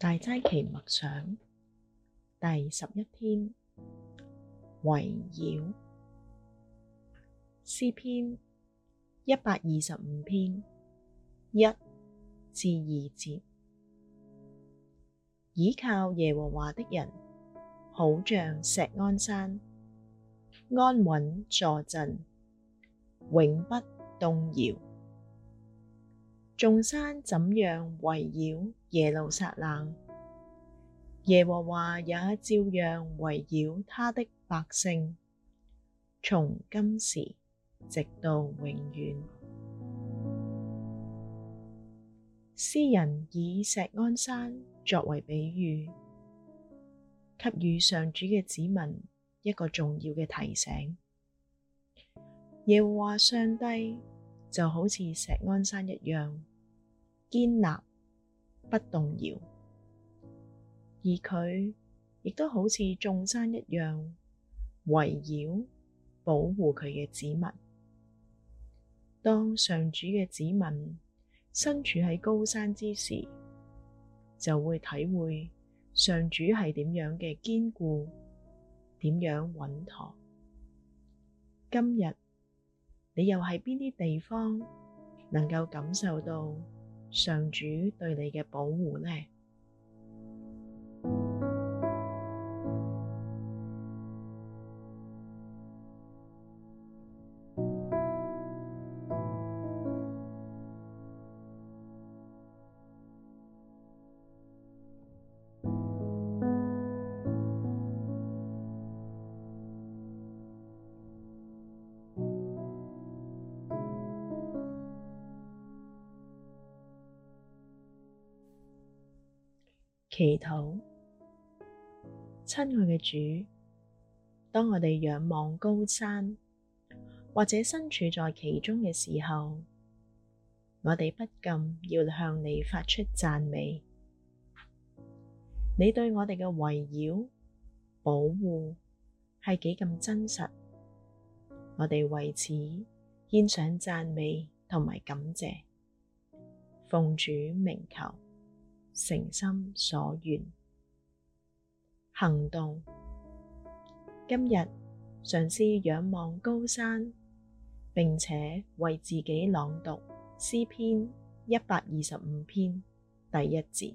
大齋期默想第十一天，圍繞，詩篇，圍繞詩篇一百二十五篇一至二節，倚靠耶和華的人，好像錫安山，安穩坐鎮，永不動搖。眾山怎樣圍繞耶路撒冷，耶和華也照樣圍繞他的百姓，從今時直到永遠。詩人以錫安山作為比喻，給予上主嘅子民一個重要嘅提醒。耶和華上帝。就好似錫安山一樣堅立不動搖，而佢亦都好似眾山一樣圍繞保護佢嘅子民。當上主嘅子民身處喺高山之時，就會體會上主係點樣嘅堅固，點樣穩妥。今日。你又喺邊啲地方能夠感受到上主對你嘅保護呢？祈禱，親愛嘅主，當我哋仰望高山，或者身處在其中嘅時候，我哋不禁要向你發出讚美。你對我哋嘅圍繞、保護係幾咁真實，我哋為此獻上讚美同埋感謝。奉主名求。誠心所願！行動。今日嘗試仰望高山，並且為自己朗讀詩篇一百二十五篇第一節。